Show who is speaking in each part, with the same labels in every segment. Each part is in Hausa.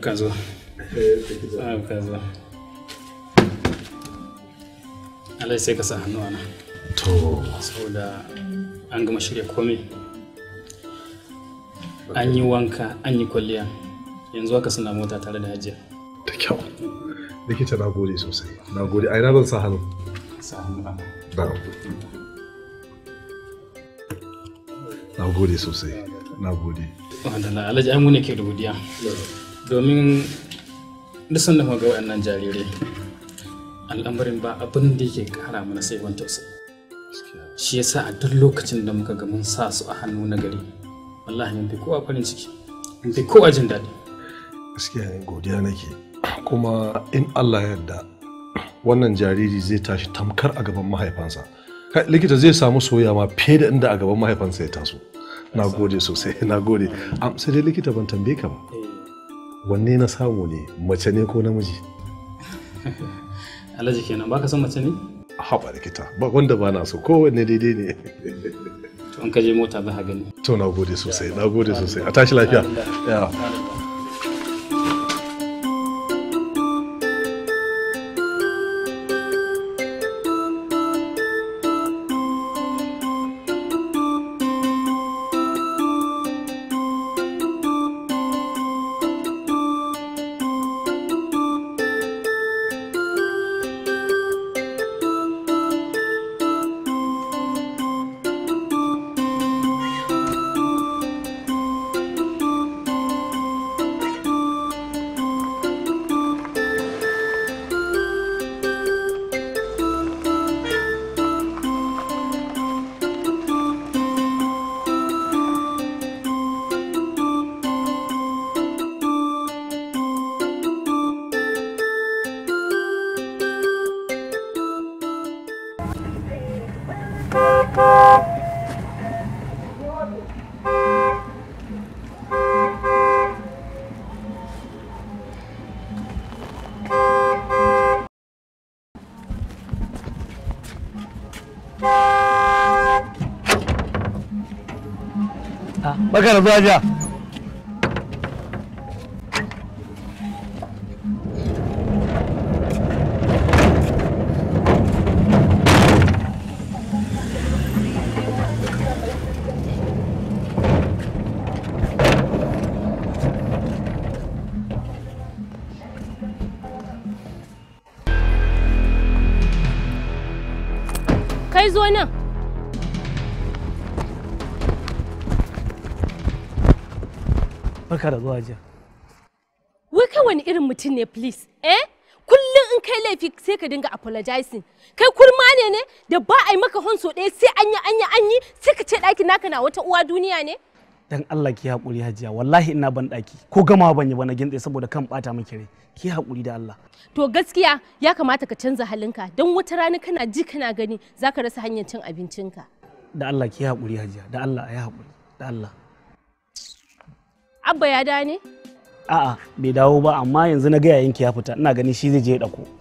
Speaker 1: ka Eh, ah, ka zo Allah sai ka sa hannu ana to saboda an gama shirya komai an yi wanka an yi kwalliya yanzu haka suna mota tare da
Speaker 2: hajiya da kyau likita na gode sosai na gode a ina zan sa hannu sa hannu ana na gode sosai na gode
Speaker 1: alhaji an mu ke da godiya domin duk sanda ga waɗannan jarirai al'amarin ba abin da yake kara mana sai wani su shi yasa a duk lokacin da muka ga mun sa su a hannu na gari wallahi mun fi kowa farin ciki mun fi kowa jin daɗi
Speaker 2: gaskiya ne godiya nake kuma in Allah yarda wannan jariri zai tashi tamkar a gaban mahaifansa likita zai samu soyayya ma fiye da inda a gaban mahaifansa ya taso na gode sosai na gode sai dai likita ban tambaye ka ba wanne na samu ne mace ne ko namiji
Speaker 1: alhaji kenan baka san mace ne
Speaker 2: haɓa likita ba wanda ba na so kowanne daidai ne
Speaker 1: to an ka mota ba ha gani
Speaker 2: to na gode sosai na gode sosai a tashi lafiya
Speaker 1: 来不及了。ka da zuwa jiya
Speaker 3: wai kai wani irin mutum ne please eh kullum in kai laifi sai ka dinga apologizing kai kurma ne ne da ba a yi maka honso ɗaya sai an yi an yi an yi sai ka ce ɗakin naka na wata uwa duniya ne
Speaker 4: dan Allah ki haƙuri hajiya wallahi ina ban ɗaki ko gama ban yi bana gintse saboda kan ɓata miki rai ki haƙuri da Allah
Speaker 3: to gaskiya ya kamata ka canza halinka don wata rana kana ji kana gani zaka rasa hanyar cin abincinka
Speaker 4: da Allah ki haƙuri hajiya da Allah ayi haƙuri da Allah
Speaker 3: Abba ya dawo ne?
Speaker 4: A'a bai dawo ba amma yanzu na gaya yanki ya fita ina gani shi zai je ya ɗauko.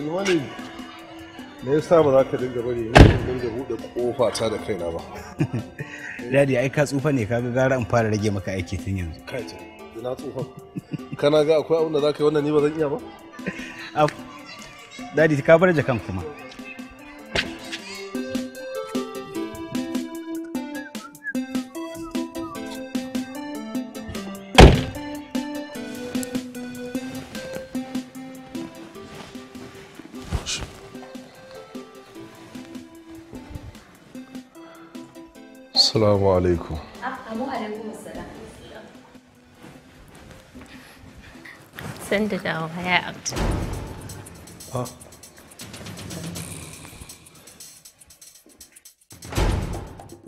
Speaker 2: ne me yasa ba za ka dinga bari ne dinga buɗe kofa ta da kaina ba
Speaker 4: dadi ai ka tsufa ne kaga gara in fara rage maka aiki tun yanzu
Speaker 2: kai ina tsufa kana ga akwai abin da za ka yi wannan ni ba zan iya ba
Speaker 4: dadi ka bar jakan kuma
Speaker 2: Assalamu alaikum.
Speaker 3: Assalamu alaikum
Speaker 2: Send San da dawo ya ah.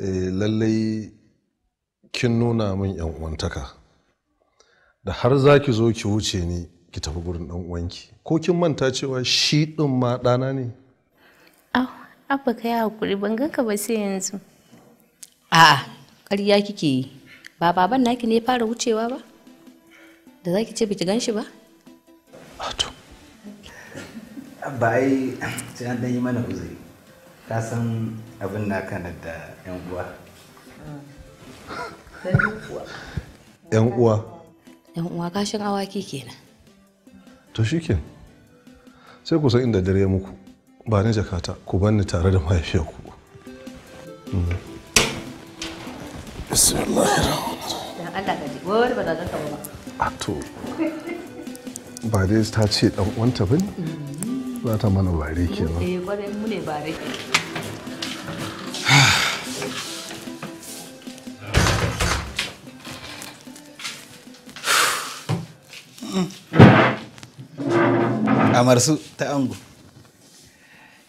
Speaker 2: eh, lallai kin nuna min yan uwantaka da har za ki zo ki wuce ni ki tafi gurin dan uwanki ko kin manta cewa shi din ma ɗana ne?
Speaker 3: Abba ka yi hakuri ban ganka ba sai yanzu. a'a ƙarya kike yi ba baban naki ne fara wucewa ba da zaki ce biki gan shi ba ah, to
Speaker 4: ba ai sai an yi mana uzuri ka san abin na kana da yan uwa
Speaker 2: yan uwa
Speaker 3: yan uwa kashin awaki kenan
Speaker 2: to shikenan sai ku san inda dare muku ba ni jakata ku banni tare da ku mm -hmm. ba dai ta ce dan wanta ba ne za ta mana bare kenan eh
Speaker 3: kwarai mu ne bare
Speaker 4: amarsu ta ango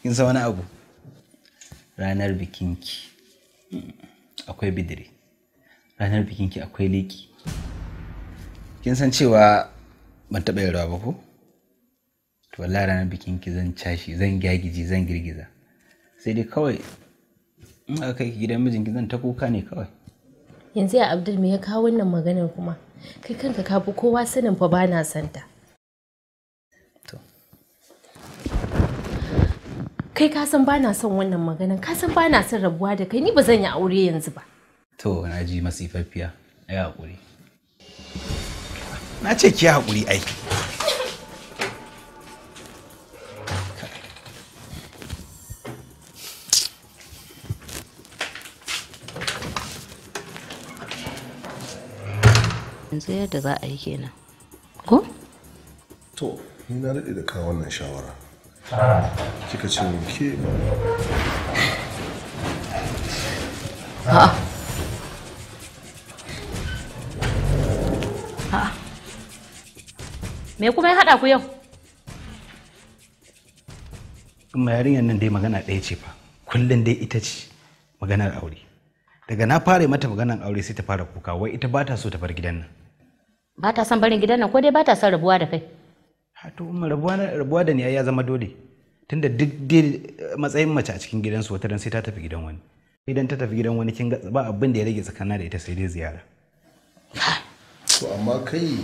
Speaker 4: kin san wani abu ranar bikinki hmm. akwai bidire ranar bikinki akwai leki kin san cewa ban taɓa yin rawa ba ko to wallahi ranar bikinki zan cashi zan gyagiji zan girgiza sai dai kawai in aka kai gidan mijinki zan ta kuka ne kawai
Speaker 3: yanzu ya abdul me ya kawo wannan maganar kuma kai kanka ka fi kowa sanin fa ba na santa kai ka san ba na son wannan maganar ka san ba na son rabuwa da kai ni ba zan yi aure yanzu ba
Speaker 4: to na ji masifaffiya yi haƙuri na ce ki haƙuri ai
Speaker 3: yanzu yadda za a yi kenan ko
Speaker 2: to ni na daɗe da kawo wannan shawara kika ce min ke a'a
Speaker 3: me kuma ya haɗa ku yau
Speaker 4: kuma yarinyar nan dai magana ɗaya ce fa kullum dai ita ce maganar aure daga na fara mata maganar aure sai ta fara kuka wai ita ba ta so ta bar gidan nan
Speaker 3: ba ta son barin gidan nan ko dai ba ta son rabuwa da kai
Speaker 4: ha to umma rabuwa rabuwa da ni ya zama dole tunda duk dai matsayin mace a cikin gidansu wata dan sai ta tafi gidan wani idan ta tafi gidan wani kin ga ba abin da ya rage tsakanin da ita sai dai ziyara to
Speaker 2: amma kai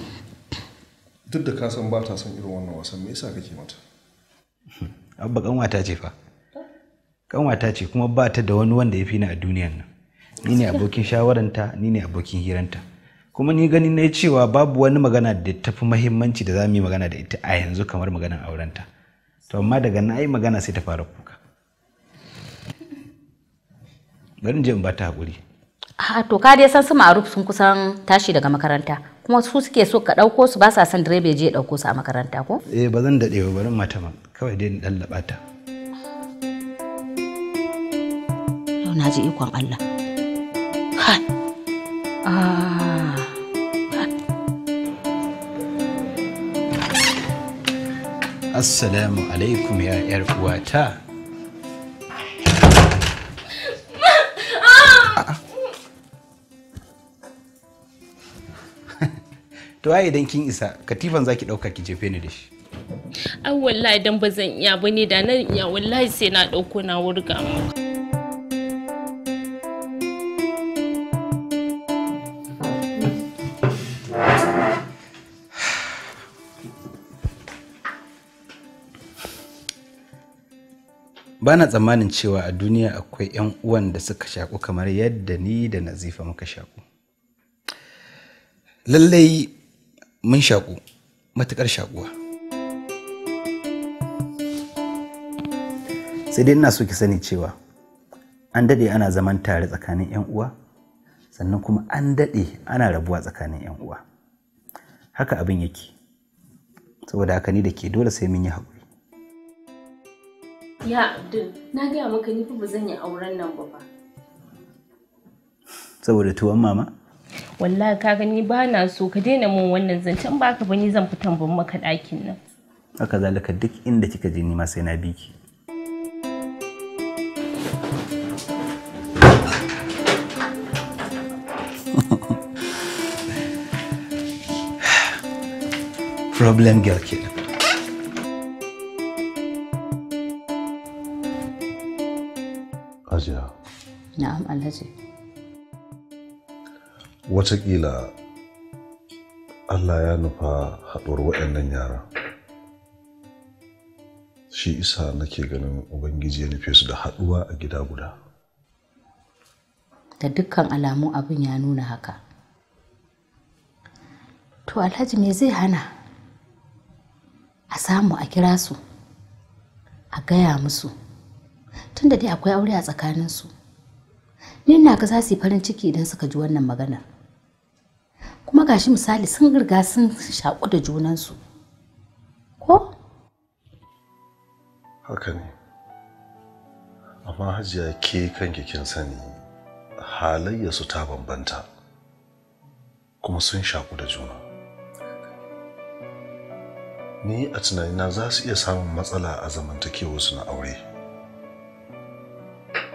Speaker 2: duk da ka san ba ta son irin wannan wasan me yasa kake mata
Speaker 4: abba kanwata ce fa kanwata ce kuma ba ta da wani wanda ya fi ni a duniyan nan ni ne abokin shawaranta ni ne abokin hiranta kuma ni gani na cewa babu wani magana da ta fi muhimmanci da za mu yi magana da ita a yanzu kamar maganar aurenta to amma daga na yi magana sai ta fara kuka bari in je in ba ta haƙuri
Speaker 3: a to ka dai san su ma'aruf sun kusan tashi daga makaranta kuma su suke so ka ɗauko su ba sa son direba ya je ya ɗauko su a makaranta ko?
Speaker 4: Eh ba zan daɗe ba bari mata ma
Speaker 3: kawai dai ɗan laɓata. Yau na ji ikon Allah.
Speaker 5: Ah!
Speaker 4: Assalamu alaikum ya 'yar uwata. to ai idan kin isa katifan zaki dauka ki jefe ni da shi
Speaker 3: ai wallahi dan ba zan iya ne da nan iya wallahi sai na dauko na wurga maka
Speaker 4: bana tsammanin cewa a duniya akwai 'yan uwan da suka shaku kamar yadda ni da nazifa muka shaku lallai mun shaƙu matuƙar shaƙuwa sai dai ina so ki sani cewa an daɗe ana zaman tare tsakanin 'yan uwa sannan kuma an daɗe ana rabuwa tsakanin 'yan uwa haka abin yake saboda haka ni da ke dole sai mun yi hakuri.
Speaker 3: ya abdul na gaya maka ni fa ba zan yi auren nan ba ba saboda tuwon mama wallahi ka gani ba na so ka daina min wannan zancen ba ka bani zan fitan ban maka ɗakin nan
Speaker 4: haka zalika duk inda kika je ni ma sai na biki problem girl
Speaker 3: Na'am Alhaji.
Speaker 2: Wataƙila allah ya nufa haɗuwar waɗannan yara shi isa nake ganin ubangiji ya nufe su da haɗuwa a gida guda
Speaker 3: da dukkan alamu abin ya nuna haka to alhaji me zai hana a samu a kira su a gaya musu tun da dai akwai aure a tsakaninsu ni na ga za su yi farin ciki idan suka ji wannan maganar kuma gashi misali sun riga sun shaƙu da junansu ko
Speaker 2: haka ne amma hajiya ke kanki kin sani halayya su ta bambanta kuma sun shaƙu da juna ni a tunanina za su iya samun matsala a zamantakewarsu na aure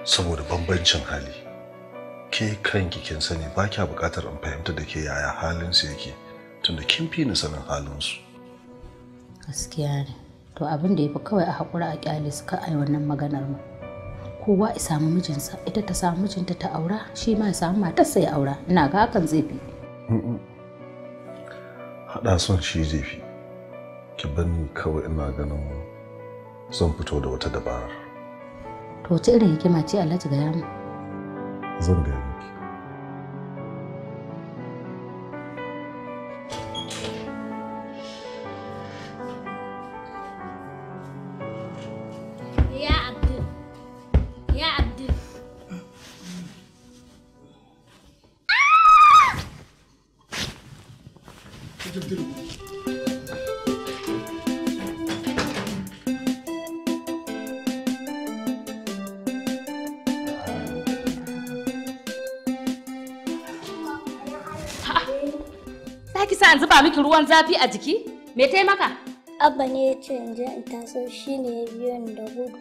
Speaker 2: saboda bambancin hali ke kanki kin sani ba kya buƙatar in fahimta da ke yaya halin su yake tunda kin fi ni sanin halin su.
Speaker 3: gaskiya ne to abin da ya fi kawai a haƙura a ƙyale su ka wannan maganar mu kowa ya samu mijinsa ita ta samu mijinta ta aura shi ma ya samu matarsa ya aura ina ga hakan zai fi
Speaker 2: haɗa son shi zai fi ki bani kawai ina ganin zan fito da wata dabara
Speaker 3: to ta irin hikima ce alhaji gaya mu 送人。ban zafi a jiki? Me ta maka?
Speaker 6: Abba ne ya ce in je in taso shi ne ya biyo ni da gudu.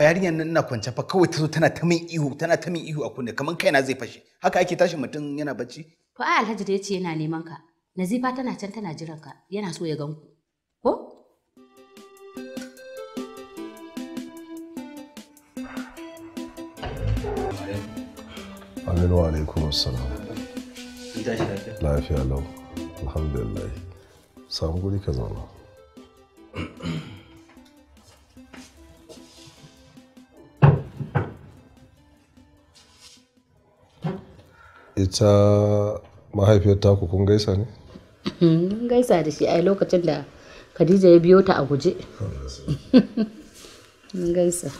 Speaker 4: Yarinyar nan ina kwance fa kawai ta zo tana ta min ihu tana ta min ihu a kunne kamar kaina zai fashe. Haka ake tashin mutum yana bacci?
Speaker 3: To ai Alhaji da ya ce yana neman ka. Nazifa tana can tana jiran ka yana so ya gan ku. Ko?
Speaker 2: Aminu alaikum assalam. tashi lafiya lafiya lau alhamdulillah samu guri ka zauna ita mahaifiyar taku kun gaisa ne?
Speaker 3: Hmm, mun gaisa da shi ai lokacin da khadija ya biyo ta a guje mun gaisa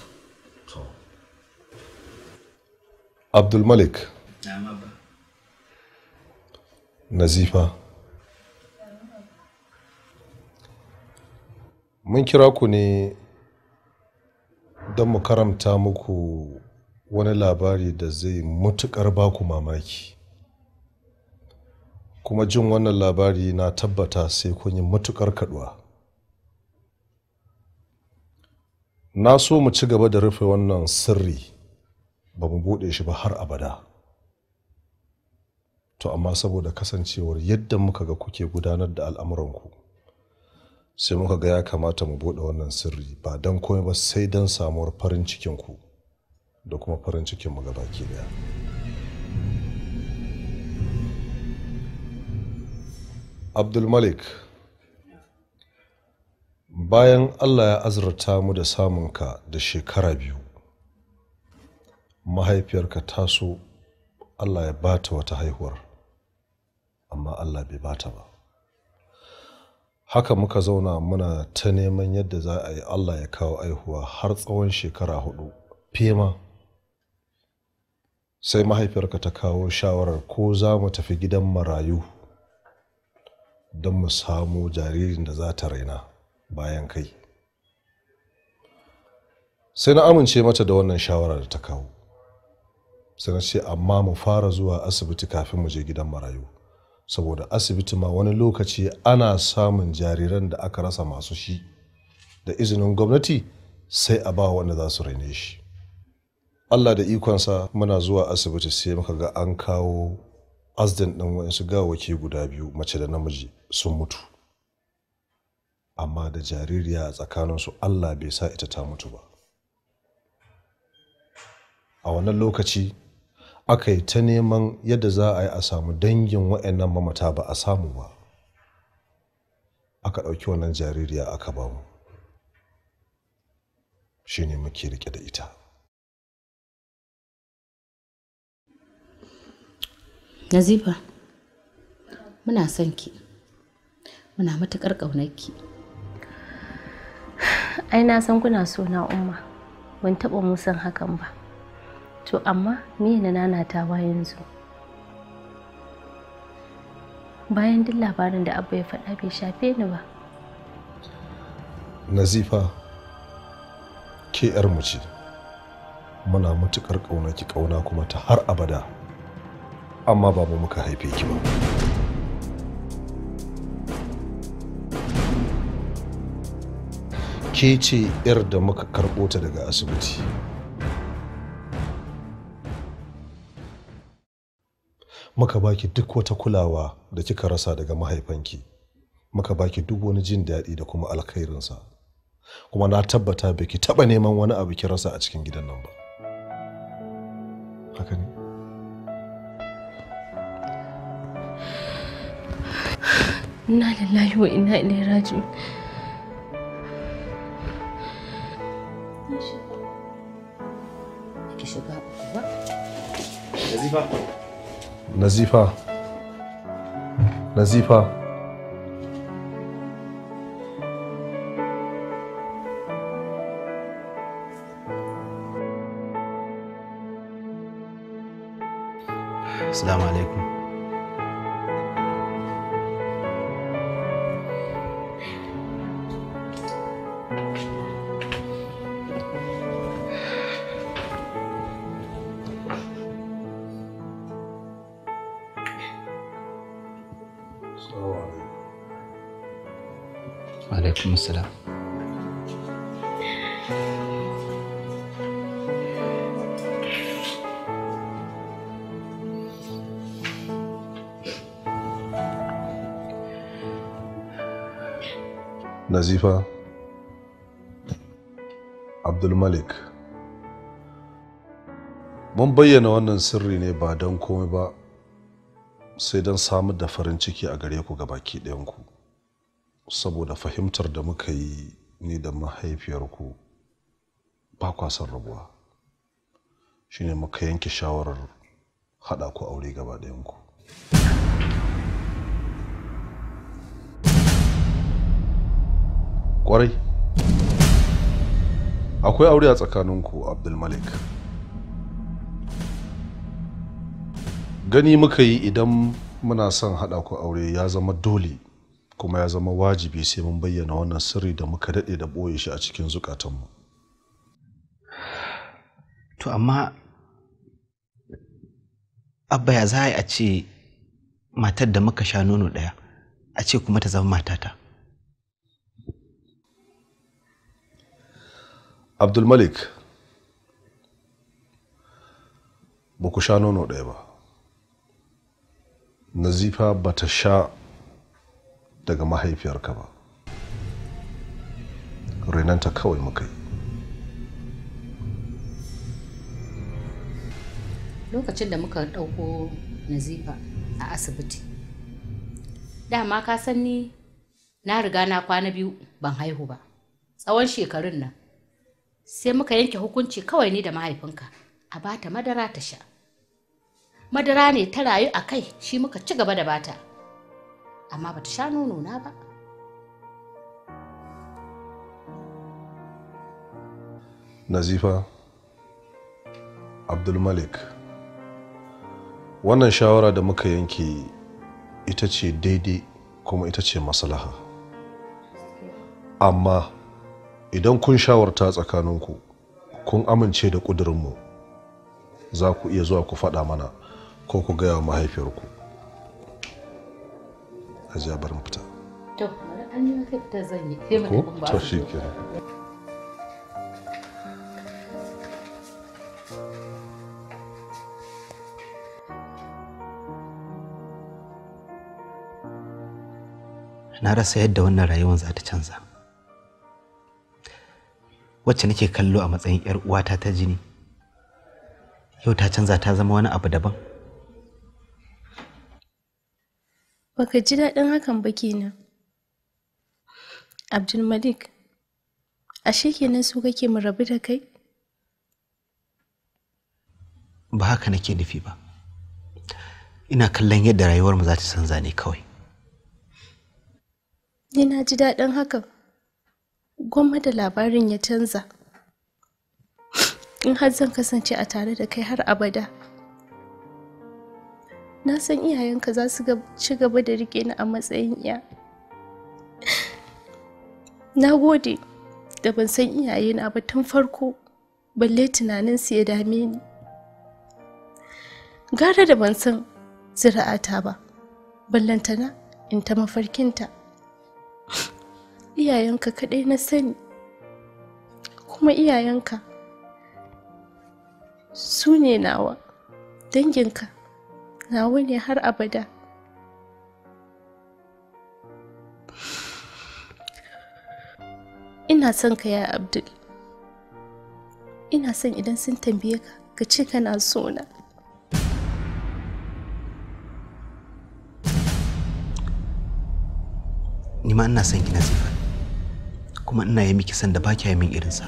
Speaker 2: abdulmalik nazifa mun kira ku ne don mu karamta muku wani labari da zai mutukar ku mamaki kuma jin wannan labari na tabbata sai kun yi mutukar kaduwa na so mu ci gaba da rufe wannan sirri ba mu buɗe shi ba har abada to amma saboda kasancewar yadda muka ga kuke gudanar da al'amuranku sai muka ga ya kamata mu buɗe wannan sirri ba don komai ba sai don samuwar farin cikinku da kuma farin cikinmu ga baki daya abdulmalik bayan allah ya azurta mu da samunka da shekara biyu mahaifiyarka taso allah ya bata wata haihuwar amma Allah bai bata ba haka muka zauna muna ta neman yadda za a yi Allah ya kawo aihuwa har tsawon shekara hudu fema sai mahaifiyarka ta kawo shawarar ko za mu tafi gidan marayu don mu samu jaririn da za ta raina bayan kai sai na amince mata da wannan shawarar da ta kawo sai na ce amma mu fara zuwa asibiti kafin mu je gidan marayu saboda asibiti ma wani lokaci ana samun jariran da aka rasa masu shi da izinin gwamnati sai a ba wanda za su raine shi allah da ikonsa muna zuwa asibiti sai muka ga an kawo asdin ɗin waɗansu gawaki guda biyu mace da namiji sun mutu amma da jaririya a tsakaninsu allah bai sa ita ta mutu ba a wannan lokaci aka yi ta neman yadda za a yi a samu dangin wa'annan mamata ba a samu ba aka ɗauki wannan jaririya aka ba mu shi ne muke rike da ita
Speaker 5: nazifa
Speaker 3: muna son ki muna matuƙar ƙaunarki ai na san kuna so na umma ban taɓa musan hakan ba to amma miye na nanatawa yanzu bayan duk labarin da abu ya faɗa bai shafe ni ba
Speaker 2: nazifa ke mu ce muna matuƙar ƙauna ki ƙauna kuma ta har abada amma ba mu muka haife ki ba ke ce 'yar da muka karɓo ta daga asibiti muka baki duk wata kulawa da kika rasa daga mahaifanki muka baki duk wani jin daɗi da kuma alkhairinsa kuma na tabbata ba ki taɓa neman wani abu ki rasa a cikin gidan nan ba haka ne
Speaker 3: inna lillahi wa inna ilaihi raji'un ki shiga
Speaker 2: نزيفة نزيفة السلام عليكم nazifa abdulmalik mun bayyana wannan sirri ne ba don komai ba sai don samar da farin ciki a gare ku ga baki ɗayanku. ku saboda fahimtar da muka yi ni da mahaifiyarku ba kwa rabuwa shine muka yanke shawarar haɗa ku aure gaba ɗayanku kwarai akwai aure a tsakaninku abdulmalik gani muka yi idan muna son haɗa ku aure ya zama dole kuma ya zama wajibi sai mun bayyana wannan sirri da muka daɗe da ɓoye shi a cikin mu. To amma abba ya za a ce
Speaker 4: matar da muka sha nono ɗaya a ce kuma ta zama matata.
Speaker 2: Abdulmalik ba ku sha nono ɗaya ba. Nazifa ba ta sha daga mahaifiyarka ba renanta kawai muka yi
Speaker 3: lokacin da muka ɗauko nazifa a asibiti dama ka san ni na riga na kwana biyu ban haihu ba tsawon shekarun nan sai muka yanke hukunci kawai ni da mahaifinka a bata madara ta sha madara ne ta rayu a kai shi muka ci gaba da bata amma bata sha nono na ba
Speaker 2: nazifa abdulmalik wannan shawara da muka yanke ita ce daidai kuma ita ce maslaha amma idan kun shawarta tsakaninku kun amince da ƙudurinmu za ku iya zuwa ku faɗa mana ko ku gaya wa mahaifiyarku bar mu to
Speaker 3: an yi wata zan yi
Speaker 4: na rasa yadda wannan rayuwar za ta canza wacce nake kallo a matsayin 'yar uwata ta jini yau ta canza ta zama wani abu daban
Speaker 3: Baka ji daɗin hakan ba kenan. Abdulmalik, ashe kenan su kake mu rabu da kai?
Speaker 4: Ba haka nake nufi ba. Ina kallon yadda rayuwarmu za ta canza ne kawai.
Speaker 3: Ni ji daɗin hakan. Gwamma da labarin ya canza. In har zan kasance a tare da kai har abada. na san iyayenka za su ci gaba da rike ni a matsayin iya na gode da ban san iyayena ba tun farko balle tunanin su ya dame ni gara da ban san zira'ata ba ballantana in ta mafarkinta iyayenka kaɗai na sani kuma iyayenka su ne nawa danginka nawa ne har abada ina son ka ya abdul ina son idan sun tambaye ka ka ce kana sona
Speaker 4: ni ma ina son ki nasifa kuma ina yi miki son da ba kya yi min irinsa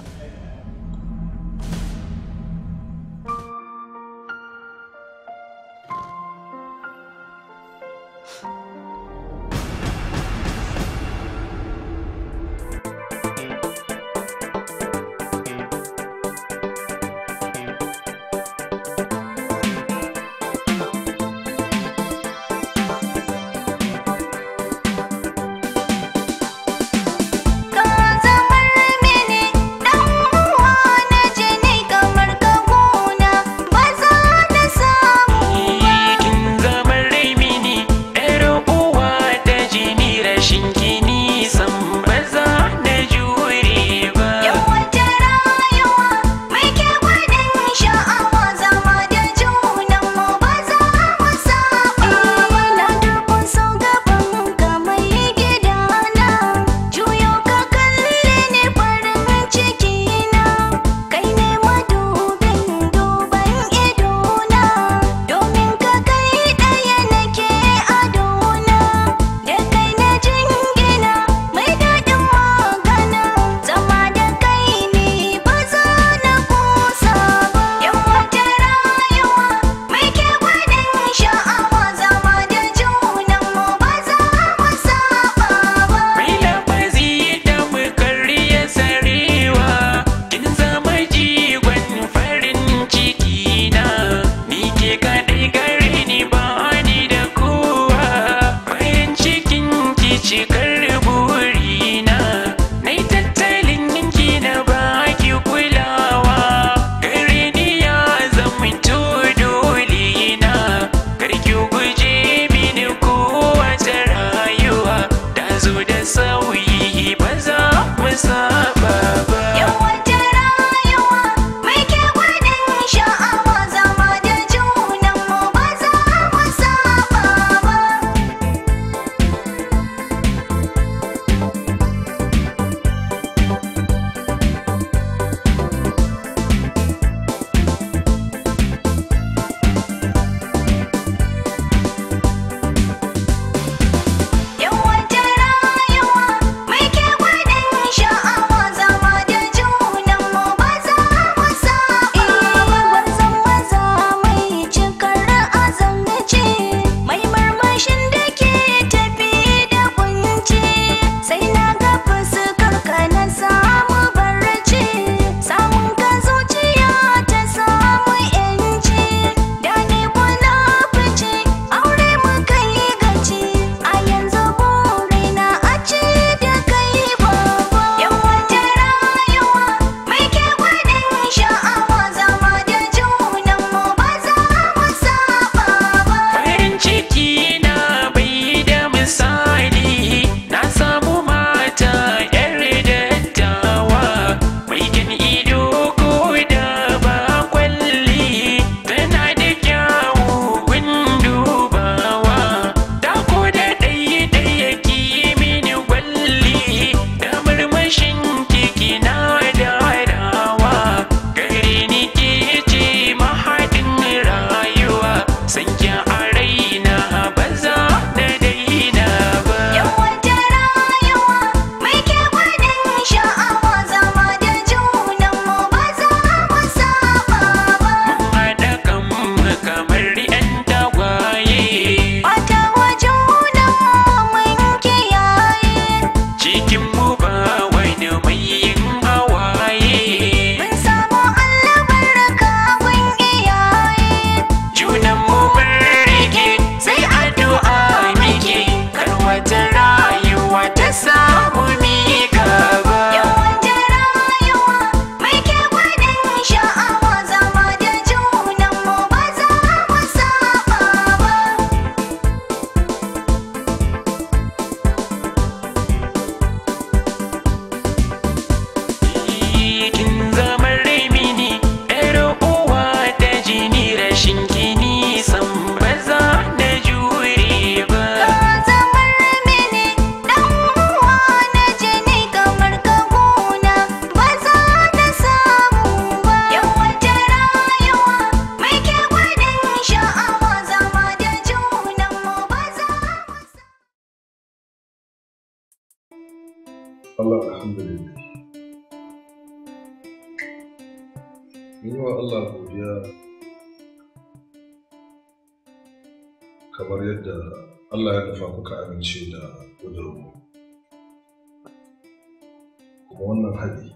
Speaker 7: a wannan haɗi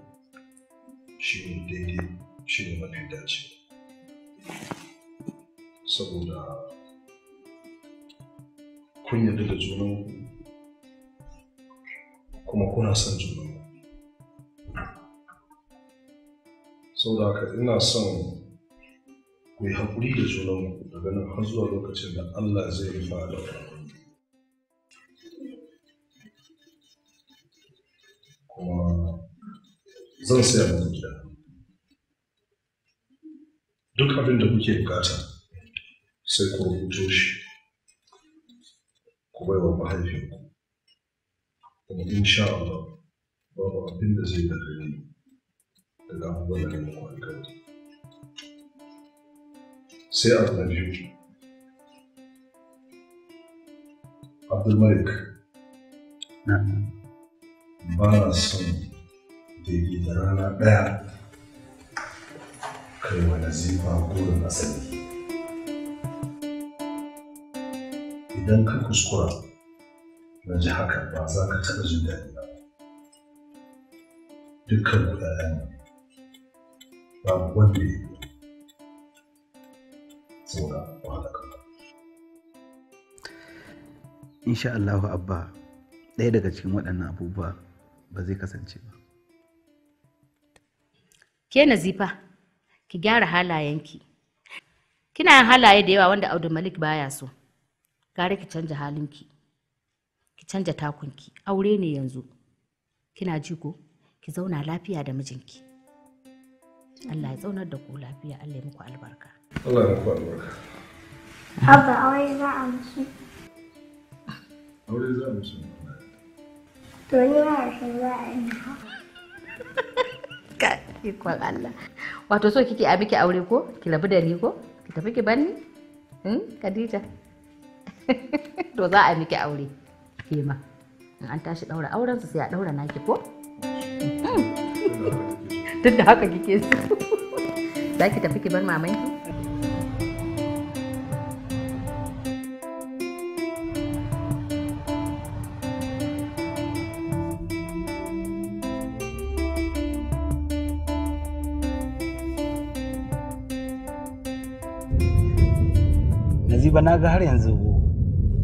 Speaker 7: shi ne daidai shi ne mafi dace saboda kun yarda da junanku kuma kuna son junanku saboda haka ina son ku yi haƙuri da junanku daga nan har zuwa lokacin da Allah zai rufa da ku zan saya muku gida duk abin da kuke bukata sai ku rubuto shi ku bai baiwa mahaifinku kuma insha Allah babu abin da zai daga ni daga abubuwan da muku alkali sai abu na biyu Abdulmalik ba na son daidai da rana ɗaya kai wani zifa gurin asali idan ka kuskura na ji haka ba za ka taɓa jin daɗi ba dukkan kuɗaɗen babu wanda ya yi
Speaker 4: saboda da insha Allahu abba ɗaya daga cikin waɗannan abubuwa ba zai kasance ba
Speaker 3: ke nazifa ki gyara halayenki kina yin halaye da yawa wanda malik baya so gare ki canja halinki ki canja takunki aure ne yanzu kina ji ko ki zauna lafiya da mijinki Allah ya zaunar da ku lafiya Allah ya muku albarka
Speaker 7: Allah ya muku albarka
Speaker 8: Abba aure za a musu
Speaker 7: aure za a musu
Speaker 6: to ni ma
Speaker 8: shi za a yi
Speaker 3: ikon Allah wato so kike a miki aure ko ki labu da ni ko ki tafi ki hmm? Khadija to za a miki aure ke ma in an tashi daura auren su sai a daura naki ko duk da haka kike so za ki tafi ki bar mamanki
Speaker 4: ba na ga har yanzu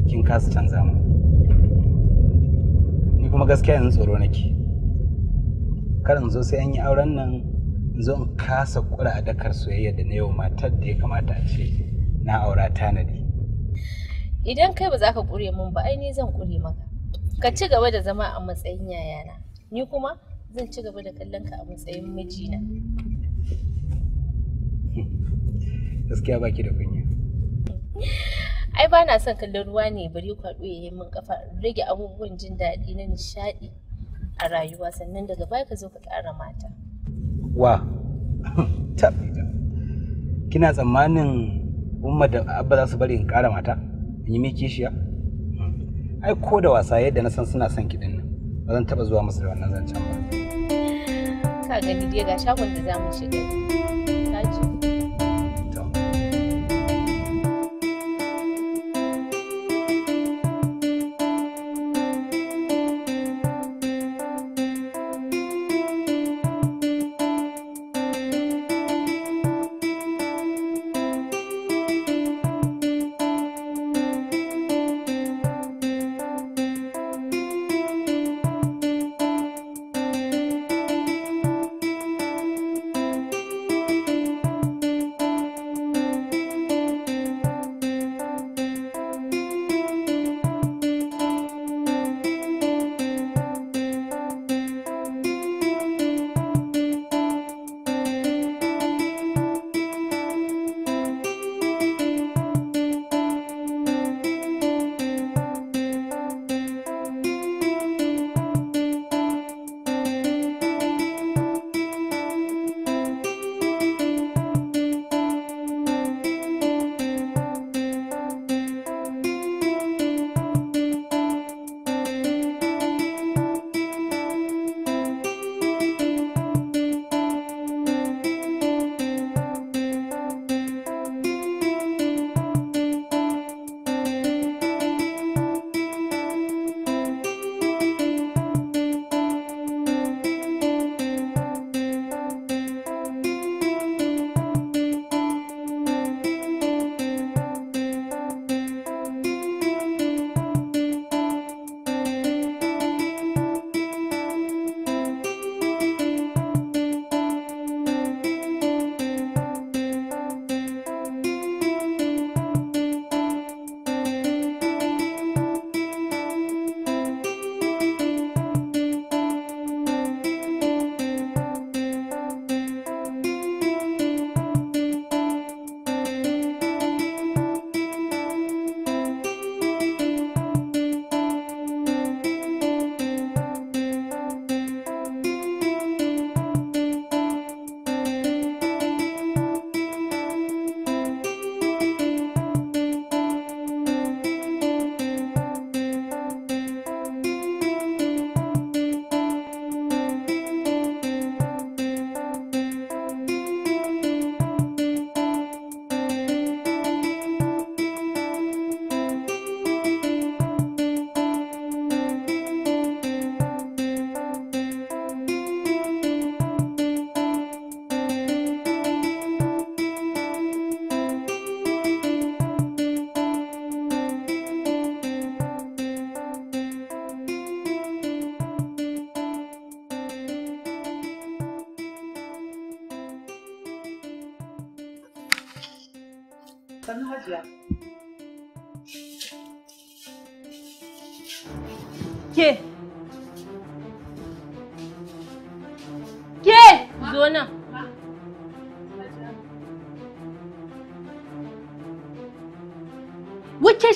Speaker 4: kin kasa canza mu ni kuma gaskiya yanzu tsoro nake kar in zo sai an yi auren nan in zo in kasa kura a dakar soyayya da na yau matar da ya kamata a ce na aura tanadi
Speaker 3: idan kai ba za ka kure mun ba ai ni zan kure maka ka ci gaba da zama a matsayin yayana ni kuma zan ci gaba da kallon ka a matsayin mijina
Speaker 4: gaskiya baki da kunya
Speaker 3: ai ba na son kallon ruwa ne bari kwaɗo ya yi min kafa rage abubuwan jin daɗi na nishaɗi a rayuwa sannan daga baya ka zo ka ƙara mata
Speaker 4: wa kina tsammanin umma da abba za su bari in ƙara mata in yi miki shiya ai ko da wasa yadda na san suna son kiɗin nan ba zan taɓa zuwa musu da wannan zancen ba
Speaker 3: ka gani dai ga shagon da za mu shiga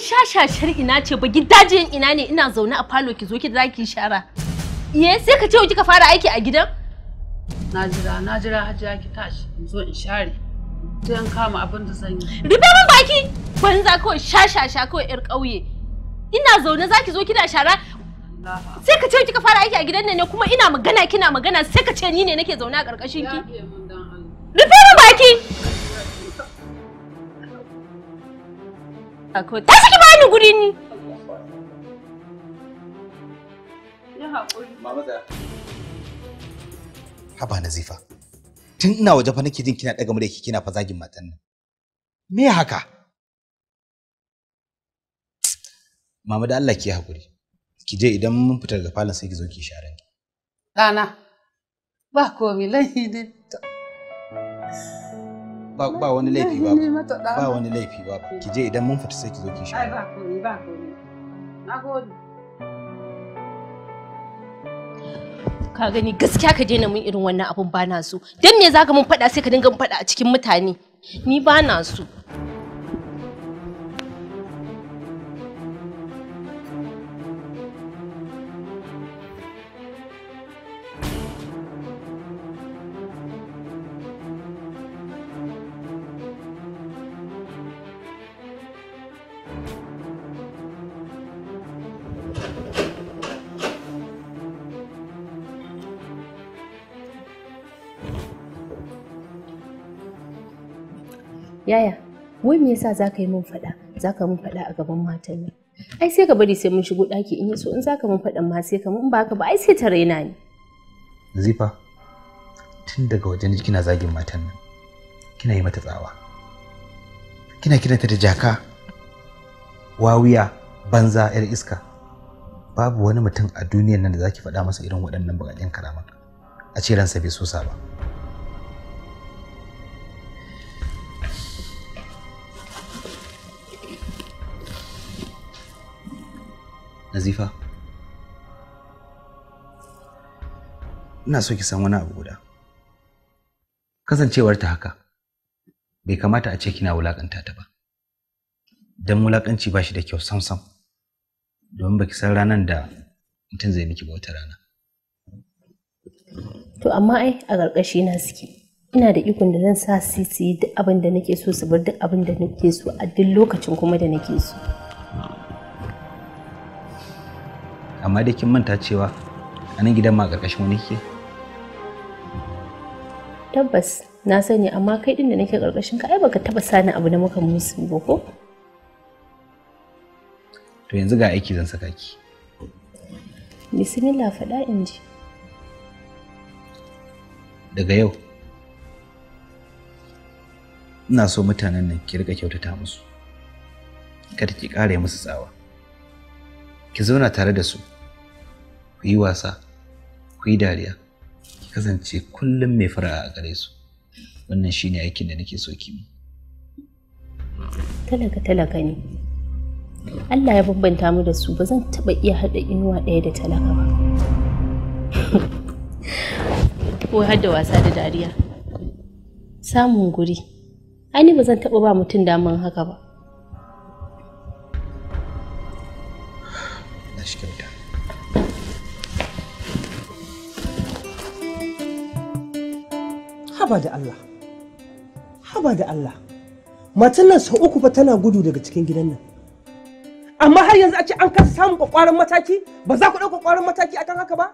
Speaker 3: shashashar ina ce ba gidajen ina ne ina zaune a falo ki zo ki da ki shara. Iye sai ka ce kika fara aiki a gidan?
Speaker 9: Na jira na jira hajiya ki tashi in zo in share. Sai an
Speaker 1: kama abin da zan yi.
Speaker 3: Rufe min baki za kawai shashasha kawai yar ƙauye. Ina zaune za ki zo kina shara sai ka ce kika fara aiki a gidan nan ne kuma ina magana kina magana sai ka ce ni ne nake zaune a ƙarƙashin ki. Rufe min baki. Akwai. Ta saki bani guri ni.
Speaker 4: Haba Nazifa. Tun ina waje fa nake jin kina daga murya kina fa zagin matan nan. Me haka? Mama da Allah ki hakuri. Ki je idan mun fita daga falon sai ki zo ki share ni.
Speaker 10: Ɗana,
Speaker 3: ba komai lahi ne.
Speaker 4: ba wani laifi ba ba wani laifi ba ki je idan mun fita sai ki zo ki shi
Speaker 9: ai
Speaker 6: ba komai ba
Speaker 9: komai ka gani
Speaker 3: gaskiya ka daina mun irin wannan abun ba na so dan me zaka mun faɗa sai ka dinga mun faɗa a cikin mutane ni ba na so yaya wai me yasa za ka yi min faɗa za ka a gaban matan nan ai sai ka bari sai mun shigo ɗaki in yaso in za ka mun faɗan ma sai ka mun ba ka ba ai sai ta raina ni
Speaker 4: zifa tun daga wajen kina zagin matan nan kina yi mata tsawa kina kiranta da jaka wawiya banza yar iska babu wani mutum a duniyar nan da zaki faɗa masa irin waɗannan bugaɗen karaman a ce ransa bai so sa ba Nazifa. Ina so ki san wani abu guda. Kasancewar ta haka bai kamata a ce kina wulakanta ta ba. Dan wulakanci ba shi da kyau sam-sam. Domin baki san ranar da mutum zai miki ba rana.
Speaker 3: To amma ai a ƙarƙashi na suke. Ina da ikon da zan sa su yi duk abin da nake so su bar duk abin da nake so a duk lokacin kuma da nake so.
Speaker 4: amma dai kin manta cewa a nan gidan ma ƙarƙashin wani ke.
Speaker 3: tabbas na sani amma kai din da nake ƙarƙashin ka ai baka taba sani abu na maka musu ba ko
Speaker 4: to yanzu ga aiki zan saka ki
Speaker 3: bismillah faɗa in ji
Speaker 4: daga yau ina so mutanen nan ki rika kyautata musu kada ki ƙara musu tsawa ki zauna tare da su ku yi wasa ku yi dariya ki kasance kullum mai fara'a a gare su wannan shine aikin da nake so ki yi
Speaker 3: talaka talaka ne Allah ya bambanta mu da su ba zan taɓa iya haɗa inuwa ɗaya da talaka ba ko har wasa da dariya samun guri ani ba zan taɓa ba mutum daman haka ba
Speaker 9: haba da Allah haba da Allah matan nan sau uku fa tana gudu daga cikin gidan nan amma har yanzu a ce an kasa samun kwakwaran mataki ba za ku ɗauka kwakwaran mataki akan haka ba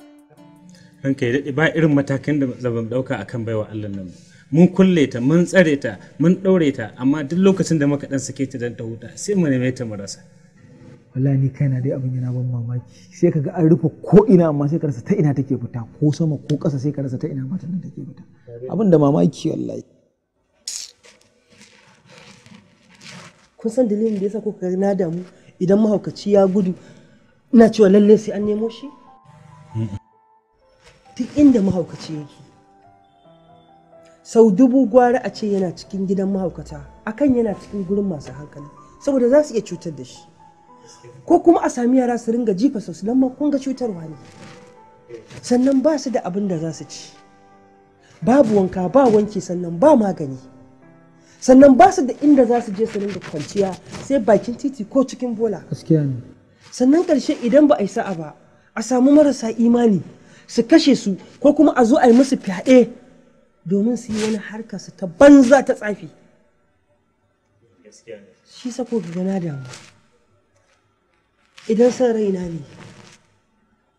Speaker 9: ranka ya daɗe ba
Speaker 10: irin matakin da ba ɗauka akan baiwa Allah nan mun kulle ta mun tsare ta mun ɗaure ta amma duk lokacin da muka ɗan sake ta don ta huta sai mu neme ta mu rasa
Speaker 4: wallahi ni kaina dai abin yana ban mamaki sai kaga an rufe ko ina amma sai ka rasa ta ina take fita ko sama ko ƙasa sai ka rasa ta ina mata nan take fita abin da mamaki wallahi
Speaker 9: kun san dalilin da yasa kuka na damu idan mahaukaci ya gudu ina cewa lalle sai an nemo shi duk inda mahaukaci yake sau dubu gwara a ce yana cikin gidan mahaukata akan yana cikin gurin masu hankali saboda za su iya cutar da shi ko kuma a sami yara su ringa jifa su nan ma kun ga cutarwa ne sannan ba su da abin da za su ci babu wanka ba wanki sannan ba magani sannan ba su da inda za su je su ringa kwanciya sai bakin titi ko cikin bola sannan ƙarshe idan ba a yi sa'a ba a samu marasa imani su kashe su ko kuma a zo a yi musu fyaɗe domin su yi wani harka su ta banza ta tsafi shi sako na damu idan son raina ne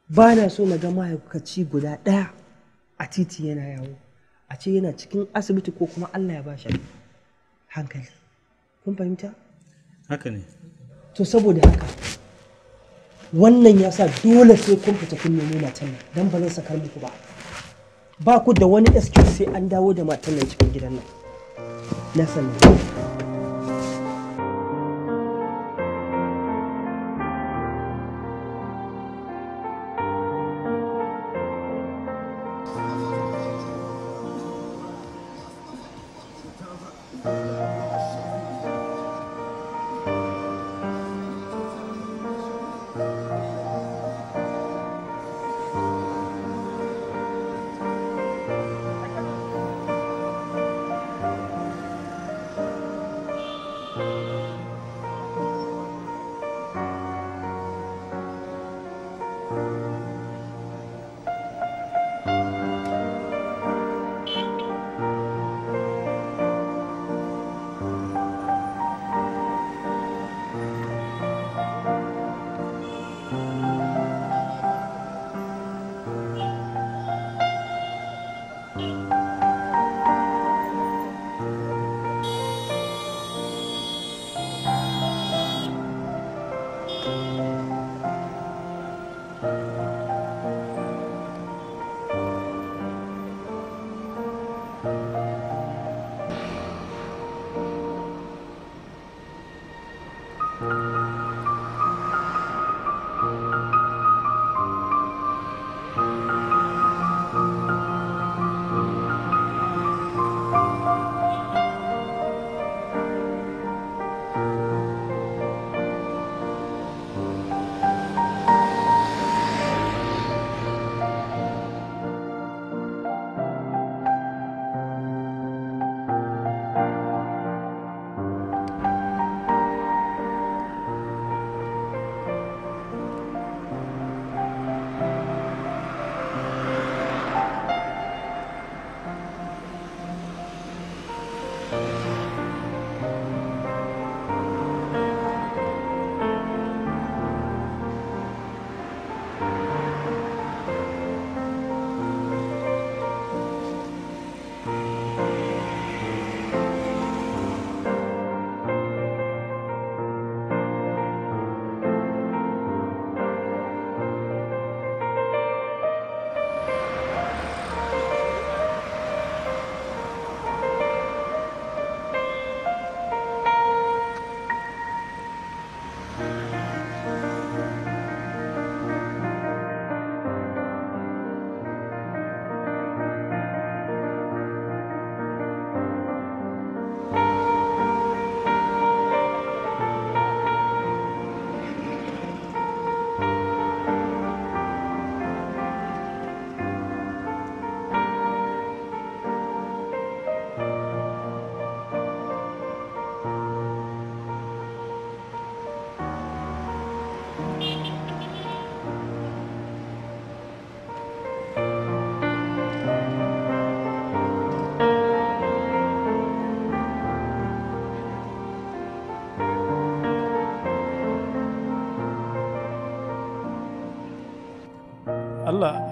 Speaker 9: ba na so na ga mahaukaci guda ɗaya a titi yana yawo a ce yana cikin asibiti ko kuma allah ya ba shi hankali kun fahimta haka ne to saboda haka wannan ya sa dole sai kun fita kun nemi matan nan don ba zan sakar muku ba ba ku da wani excuse sai an dawo da matan nan cikin gidan nan na sanar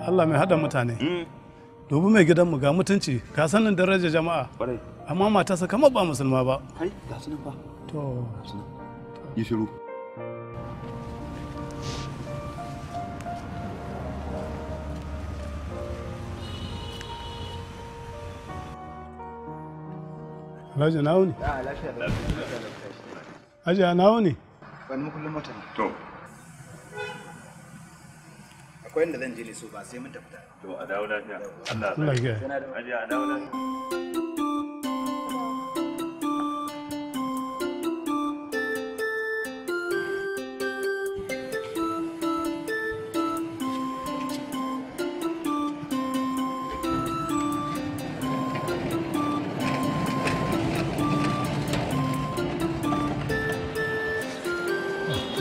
Speaker 1: Allah mai hada mutane mm. dubu mai gidanmu ga mutunci ka sanin darajar jama'a amma matasa kamar ba musulma ba hai ga sunan ba to yi shiru Alhaji nawo ne? Ah, Alhaji nawo ne?
Speaker 4: Wani mukullin mota ne. To, akwai inda zan je ne so ba sai mun tafi tare to a dawo lafiya Allah ya a dawo lafiya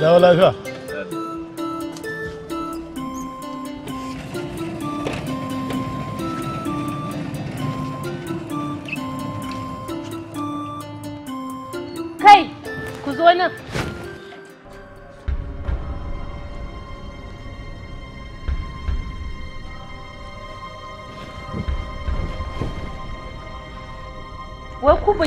Speaker 1: dawo lafiya
Speaker 3: ku ba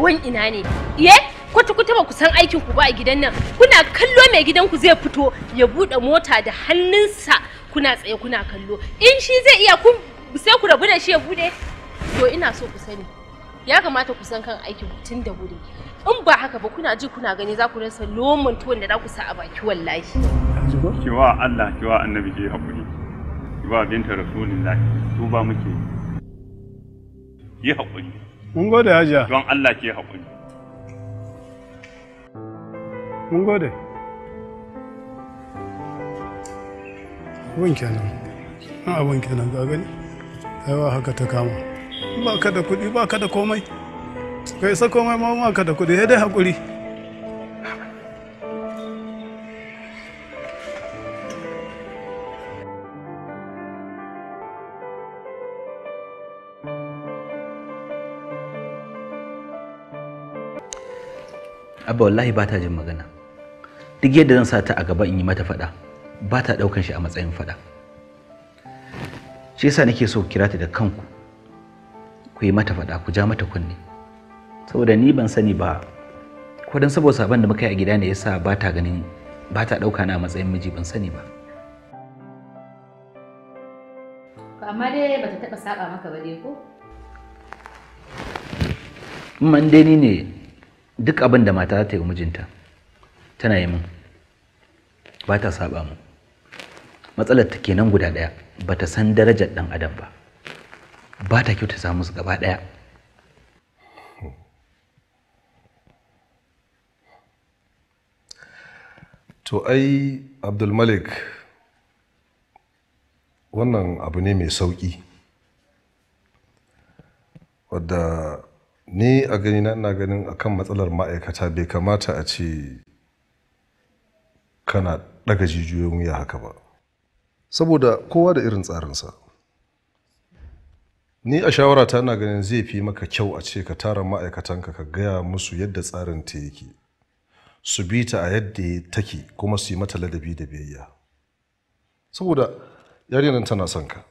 Speaker 3: wan ina ne iye kwata-kwata ba ku san aikin ku ba a gidan nan kuna kallo mai gidan ku zai fito ya buɗe mota da hannunsa kuna tsaye kuna kallo in shi zai iya kun sai ku rabu da shi ya buɗe to ina so ku sani ya kamata ku san kan aikin tun da wuri in ba haka ba kuna ji kuna gani za ku rasa lomon tuwon da za ku sa a baki wallahi
Speaker 1: kiwa Allah kiwa annabi ke hakuri kiwa binta rasulillahi tuba muke yi hakuri Mun gode hajiya. Don Allah ke haƙuri. Mun gode. Abin kenan. Nan abin kenan ga gani. Yawa haka ta kama. Ba ka da kuɗi ba ka da komai. Kai sa komai ma ba ka da kuɗi Ya dai haƙuri.
Speaker 4: abba wallahi ba ta jin magana duk yadda zan sa ta a gaba in yi mata faɗa ba ta ɗaukan shi a matsayin faɗa shi yasa nake so kira ta da kanku ku yi mata faɗa ku ja mata kunne saboda ni ban sani ba ko dan saboda saban da muka yi a gida ne yasa ba ta ganin ba ta ɗauka na a matsayin miji ban sani ba
Speaker 3: amma dai ta taɓa saba maka ba dai ko?
Speaker 4: Man dai ni ne duk abin da mata ta yi mijinta tana yi min ba ta saba mu matsalar ta kenan guda ɗaya ba ta san darajar ɗan adam ba ba ta kyautata musu gaba ɗaya
Speaker 2: to ai abdulmalik wannan abu ne mai sauƙi wadda ni a gani na ina ganin akan matsalar ma'aikata bai kamata a ce kana daga jijiyoyin wuya haka ba saboda kowa da irin tsarinsa ni a shawara ta na ganin zai fi maka kyau a ce ka tara ma'aikatanka ka gaya musu yadda tsarin ta yake su bi ta a yadda take kuma su yi mata ladabi da biyayya saboda yarinan tana son ka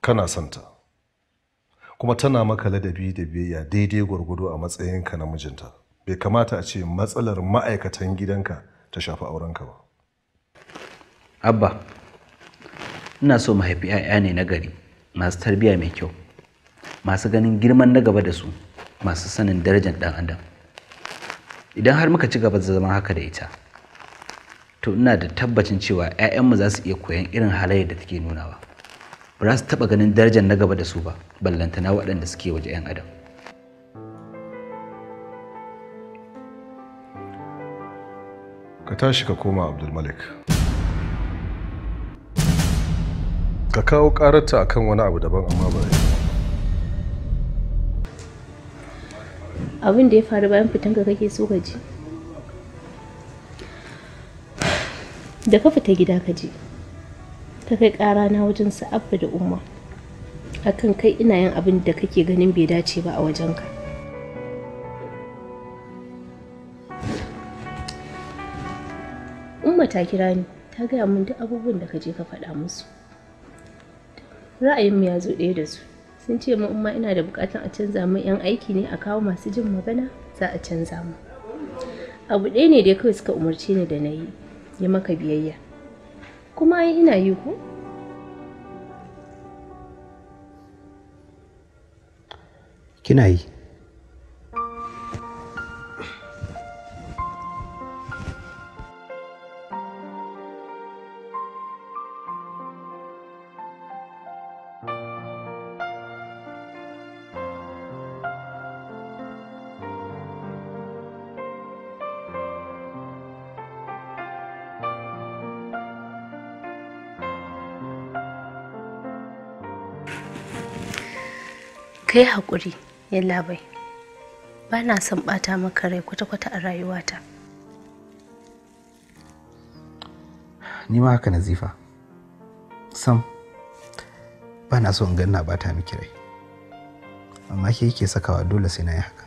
Speaker 2: kana son kuma tana maka ladabi da biyayya daidai gwargwado a matsayinka na mijinta bai kamata a ce matsalar ma'aikatan gidanka ta shafi aurenka ba
Speaker 4: abba ina so mu haifi 'ya'ya ne na gari masu tarbiyya mai kyau masu ganin girman na gaba da su masu sanin darajar ɗan adam idan har muka ci gaba da zama haka da ita to ina da tabbacin cewa 'ya'yanmu za su iya koyan irin halayyar da take nunawa ba su taɓa ganin darajar na gaba da su ba ballantana waɗanda suke waje 'yan adam
Speaker 2: ka tashi ka koma abdulmalik ka kawo ƙararta a kan wani abu daban amma ba
Speaker 3: abin da ya faru bayan fitan ka kake so gaji da ka fita gida ka je ta kai ƙara na wajen sa'abba da umma akan kai ina yin abin da kake ganin bai dace ba a wajenka umma ta kira ni ta gaya min duk abubuwan da ka je ka faɗa musu ra'ayinmu ya zo ɗaya da su sun ce mu umma ina da buƙatar a canza min 'yan aiki ne a kawo masu jin magana za a canza mu abu ɗaya ne da kawai suka umarce ni da na yi yi maka biyayya kuma ai ina yi ku? kina yi ka yi haƙuri yallaɓai ba na son ɓata maka rai kwata-kwata a rayuwata
Speaker 4: ni ma haka nazifa sam ba na son ganna ɓata miki rai amma ke yake sakawa dole sai na yi haka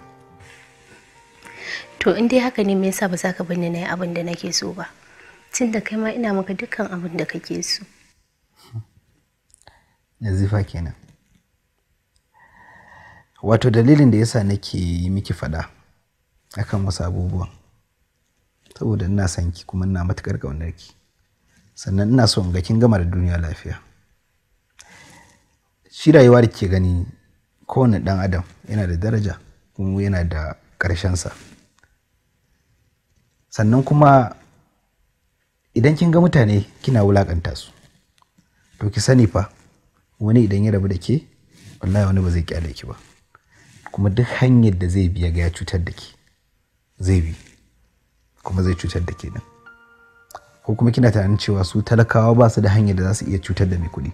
Speaker 3: to in dai haka ne me yasa ba za ka bani na yi abin da nake so ba tun da kai ma ina maka dukkan abin da kake so
Speaker 4: nazifa kenan wato dalilin da yasa nake yi miki fada akan wasu abubuwan saboda ina son ki kuma ina matukar ƙaunar ki sannan ina so ga kin gama da duniya lafiya shi rayuwa da ke gani kowane ɗan adam yana da daraja kuma yana da ƙarshensa sannan kuma idan kin ga mutane kina wulakanta su to ki sani fa wani idan ya rabu da ke wallahi wani ba zai kyale ki ba kuma duk hanyar da zai biya ga ya cutar da ke zai bi kuma zai cutar da ke nan ko kuma kina tunanin cewa su talakawa ba su da hanyar da za su iya cutar da mai kuɗi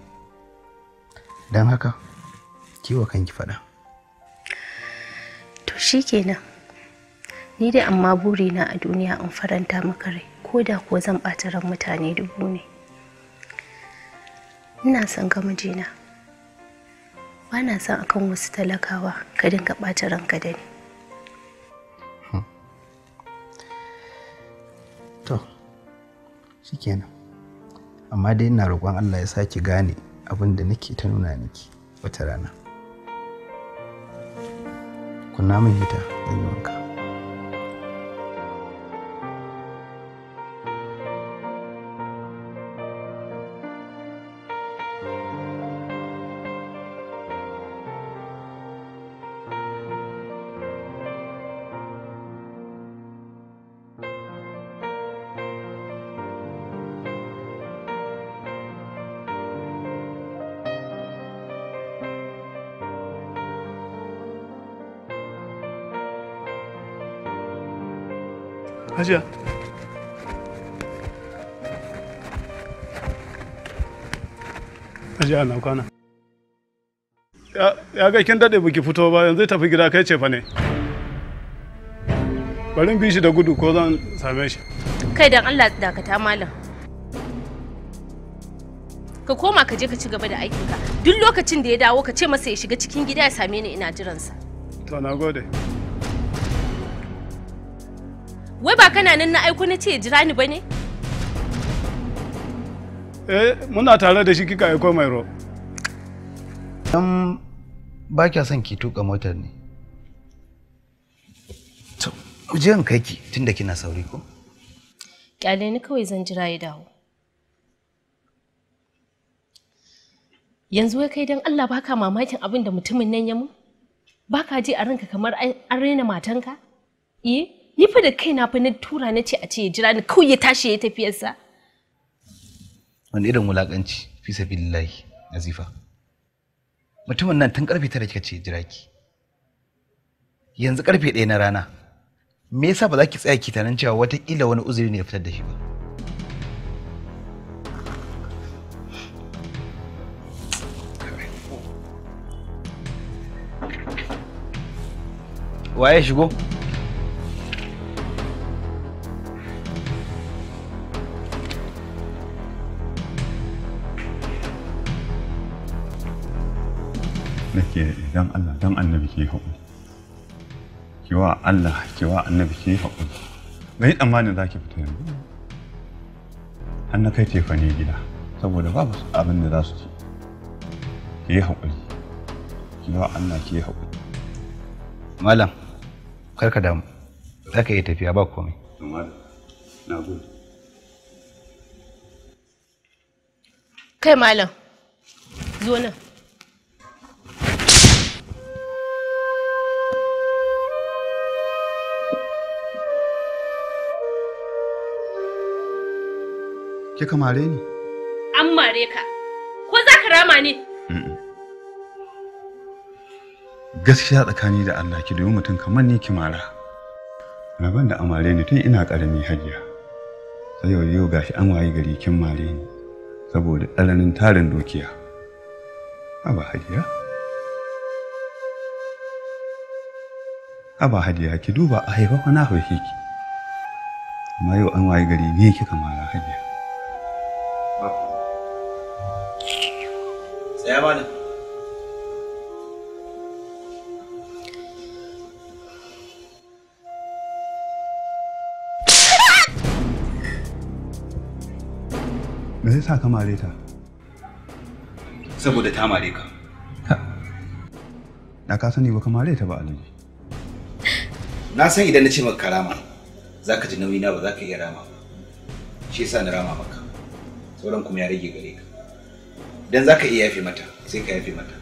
Speaker 4: don haka
Speaker 3: kiwa kanki faɗa to shi kenan ni dai amma burina a duniya in faranta maka rai ko da kuwa zan ɓata ran mutane dubu ne ina son ga mijina ba na son akan wasu talakawa ka dinga ɓata ranka da ni hmm.
Speaker 4: to shikenan amma dai ina roƙon Allah ya sake gane abin da nake ta nuna niki wata rana kuna min hita zan yi wanka
Speaker 1: hajiya hajiya na kwana ya ga kin daɗe buki fito ba yanzu tafi gida kai ce fa ne bari bishi da gudu ko zan same shi
Speaker 3: kai dan Allah dakata malam ka koma ka je ka ci gaba da aikinka duk lokacin da ya dawo ka ce masa ya shiga cikin gida ya same ni ina jiransa to na gode Wai ba kana nan na aiko na ce jira ni bane?
Speaker 1: Eh, muna tare da shi kika aiko mai ro. Dan ba kya son ki tuka motar ne.
Speaker 4: To, ku je in kai ki tunda kina sauri ko?
Speaker 3: Kyale ni kawai zan jira ya dawo. Yanzu wai kai dan Allah baka mamakin abin da mutumin nan ya mu? Baka ji a ranka kamar an rena matanka? Eh? ni fa da kaina fa na tura na ce a ce ya jira ni kawai ya tashi ya tafiyarsa
Speaker 4: wani irin wulakanci fi sabilillahi nazifa mutumin nan tun karfe tara kika ce jira ki yanzu karfe ɗaya na rana me yasa ba za ki tsaya ki tanan cewa watakila wani uzuri ne ya fitar da shi ba waye shigo
Speaker 1: nake dan Allah dan annabi ke haƙuri kiwa Allah kiwa annabi ke haƙuri ga yi tsammanin za ki fita yanzu an na kai tefane gida saboda babu abin da za su ci ki yi haƙuri kiwa Allah ki yi haƙuri malam kar ka damu
Speaker 4: za ka iya tafiya ba komai
Speaker 1: na gode
Speaker 3: kai malam zo nan Kika mare ni? An mare ka. Ko za ka rama ne?
Speaker 1: Gaskiya tsakani da Allah ki domin mutum kamar ni ki mara. Rabon da amare ni tun ina ƙarami hajiya. Sai yau yau gashi an waye gari kin mare ni saboda tsananin tarin dukiya. Aba hajiya. Aba hajiya ki duba a haifafa na haife ki. Amma yau an waye gari ne kika mara hajiya. tsaya malam me zai sa ka mare ta
Speaker 4: saboda ta mare ka
Speaker 1: na ka sani ba ka mare ta ba alaji
Speaker 4: na san idan na ce maka karama za ka ji nauyi na ba za ka iya rama ba shi yasa na rama maka sauran kuma ya rage gare za zaka iya yafe mata sai ka yafe mata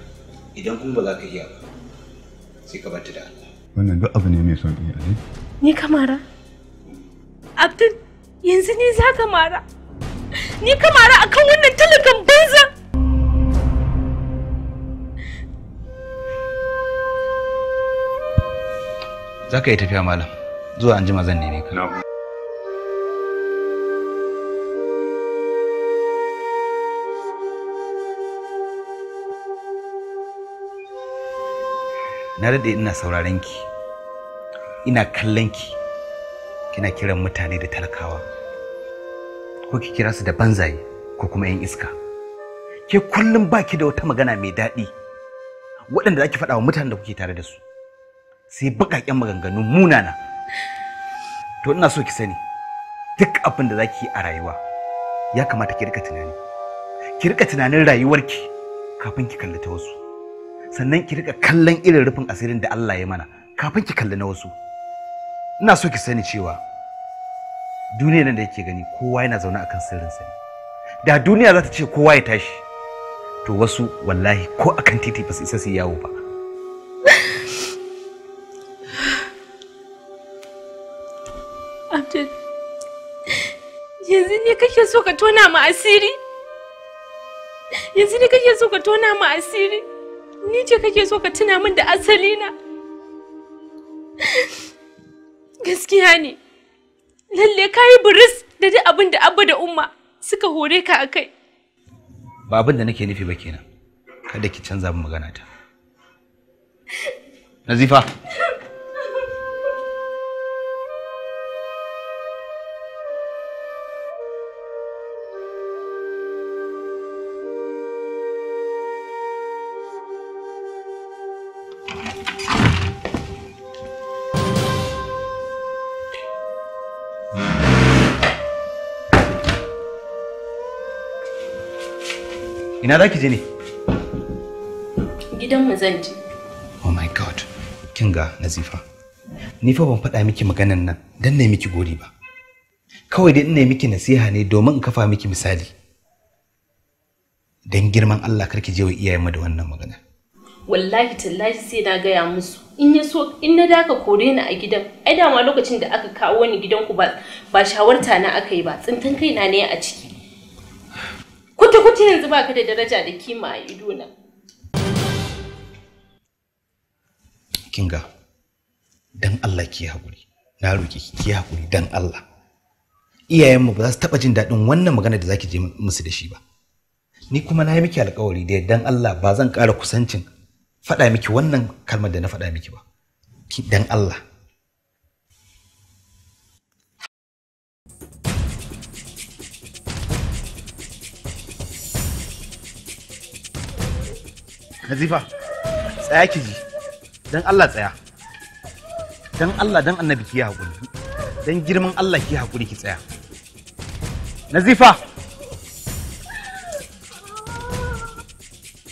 Speaker 4: idan kuma ba za ka iya ba sai ka bata da Allah
Speaker 1: wannan duk abu ne mai son iya ne
Speaker 3: ni ka mara Abdul yanzu ne za ka mara ni ka mara akan wannan talakan banza
Speaker 4: za ka yi tafiya malam zuwa anjima zan neme ka na daɗe ina sauraron ki ina kallon ki kina kiran mutane da talakawa ko ki kira su da banzaye ko kuma yan iska ke kullum baki da wata magana mai daɗi waɗanda zaki faɗa wa mutanen da kuke tare da su sai baƙaƙen maganganu munana to ina so ki sani duk abin da zaki yi a rayuwa ya kamata ki rika tunani ki rika tunanin rayuwarki kafin ki kalli ta wasu sannan ki rika kallon irin rufin asirin da Allah ya mana kafin ki kalli na wasu ina so ki sani cewa duniya nan da yake gani kowa yana zaune akan sirrin sa da duniya za ta ce kowa ya tashi to wasu wallahi ko akan titi ba su isa su yawo ba
Speaker 3: Abdul yanzu ne kake so ka tona mu asiri yanzu ne kake so ka tona mu asiri ni ce kake so ka tuna min da asali na gaskiya ne lalle ka yi buris da duk abin da abba da umma suka hore ka a kai
Speaker 4: ba abin da nake nufi ba kenan kada ki canza min magana ta nazifa ina za ki je ne
Speaker 3: gidan mu zan je
Speaker 4: oh my god kin ga nazifa ni fa ban faɗa miki maganan nan dan ne miki gori ba kawai dai ina miki nasiha ne domin in kafa miki misali dan girman Allah kar ki je wa iyayen mu da wannan magana
Speaker 3: wallahi tallahi sai na gaya musu in ya so in na daka kore ni a gidan ai dama lokacin da aka kawo ni gidan ku ba shawarta na aka ba tsintan kaina ne a ciki Kuta-kuta yanzu baka da daraja da kima a na
Speaker 4: Kinga, don Allah ki hakuri na roƙi ki hakuri don Allah. Iyayenmu ba za su taɓa jin daɗin wannan magana da zaki je musu da shi ba. Ni kuma na yi miki alƙawari da dan Allah ba zan ƙara kusancin faɗa miki wannan kalmar da na faɗa miki ba. Dan Allah, nazifa tsaya ki ji don allah tsaya don allah don annabi ki haƙuri don girman allah ki haƙuri ki tsaya nazifa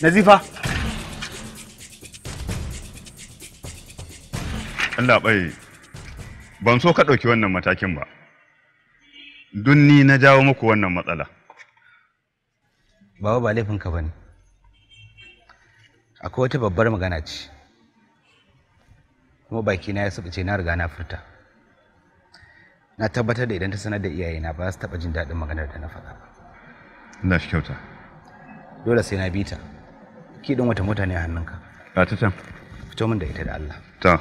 Speaker 1: nazifa allah bai ban so ka ɗauki wannan matakin ba dun ni na jawo muku wannan matsala Baba ba laifinka ba ne. akwai
Speaker 4: wata babbar magana ce kuma bakina ya ce na riga na furta na tabbatar da idan ta sanar da iyayena ba za su taɓa jin daɗin maganar da na faɗa ina shi kyauta dole sai na bita ta ki ɗin wata mutane a hannunka ta ta fito min da ita da Allah
Speaker 1: ta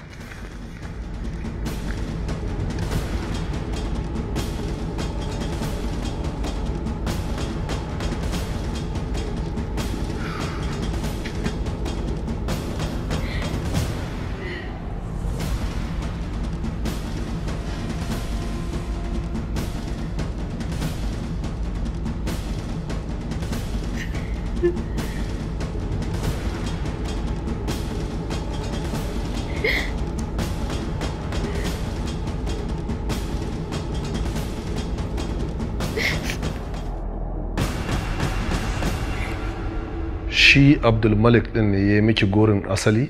Speaker 2: abdul malik din ne ya miki gorin asali